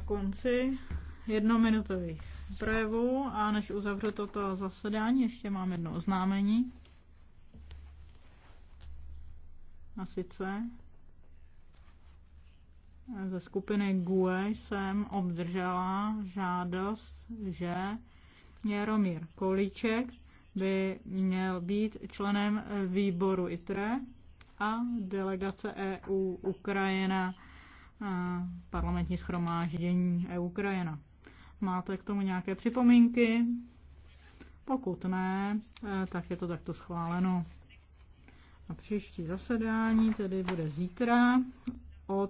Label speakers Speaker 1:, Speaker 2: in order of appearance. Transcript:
Speaker 1: na konci jednominutových projevů a než uzavřu toto zasedání, ještě mám jedno oznámení. A sice ze skupiny GUE jsem obdržela žádost, že Jaromír Kolíček by měl být členem výboru ITRE a delegace EU Ukrajina parlamentní schromáždění a e Ukrajina. Máte k tomu nějaké připomínky? Pokud ne, eh, tak je to takto schváleno. A příští zasedání
Speaker 2: tedy bude zítra od